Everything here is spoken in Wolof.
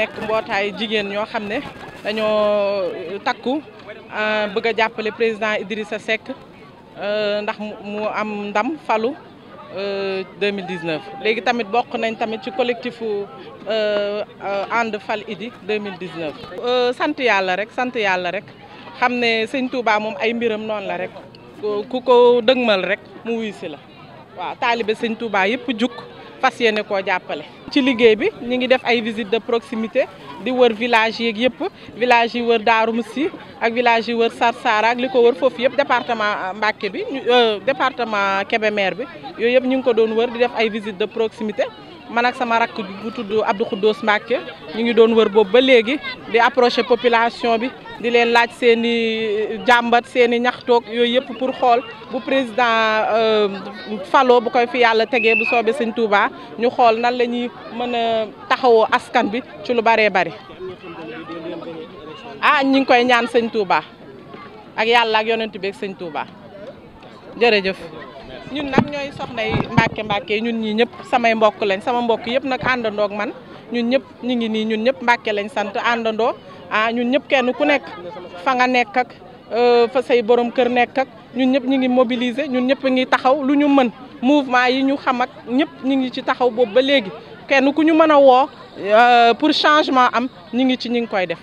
nekk mbootaayu jigéen ñoo xam ne dañoo euh, takku euh, bëgg a jàppale président Idrissa Seck euh, ndax mu am ndam falu 2019 léegi tamit bokk nañ tamit ci collectifu ànd fal idi 2019. sant yàlla rek sant yàlla rek xam ne sëñ Touba moom ay mbiram noonu la rek ku ko dëgmal rek mu wuy la waaw taalibe sëñ Touba yëpp jukk fas yéene koo jàppale. ci liggéey bi ñu ngi def ay visite de proximité di wër village yeeg yëpp village yi wër Darou Moussi ak village yi wër Sarsara ak li wër foofu yëpp département euh, Mbacké bi euh, département Kébémer bi yooyu yëpp ñu ngi ko doon wër di def ay visite de proximité. man ak sama rakk bu tudd Abdou Khoudous Mbacke ñu ngi doon wër boobu ba léegi di approché population bi di leen laaj seeni i euh, jàmbat seeni ñaxtoog yooyu yëpp pour xool bu président euh, falo bu koy fi yàlla tegee bu soobee sëñ Touba ñu xool nan la ñuy mën a taxawoo askan bi ci lu baree bari. ah ñu ngi koy ñaan sëñ Touba ak yàlla ak yonent bi ak sëñ Touba jërëjëf. ñun nag ñooy soxna yi Mbàkke ñun ñii ñëpp samay mbokk lañ sama mbokk yëpp nag àndandook man ñun ñëpp ñu ngi nii ñun ñëpp Mbàkke lañ sant àndandoo a ah, ñun ñëpp kenn ku nekk fa nga nekk ak euh, fa say borom kër nekk ak ñun ñëpp ñu ngi mobiliser ñun ñëpp ngi taxaw lu ñu mën mouvement yi ñu xamak ak ñëpp ñu ngi ci taxaw boobu ba léegi kenn ku ñu mën a woo euh, pour changement am ñu ngi ci ñu ngi koy def.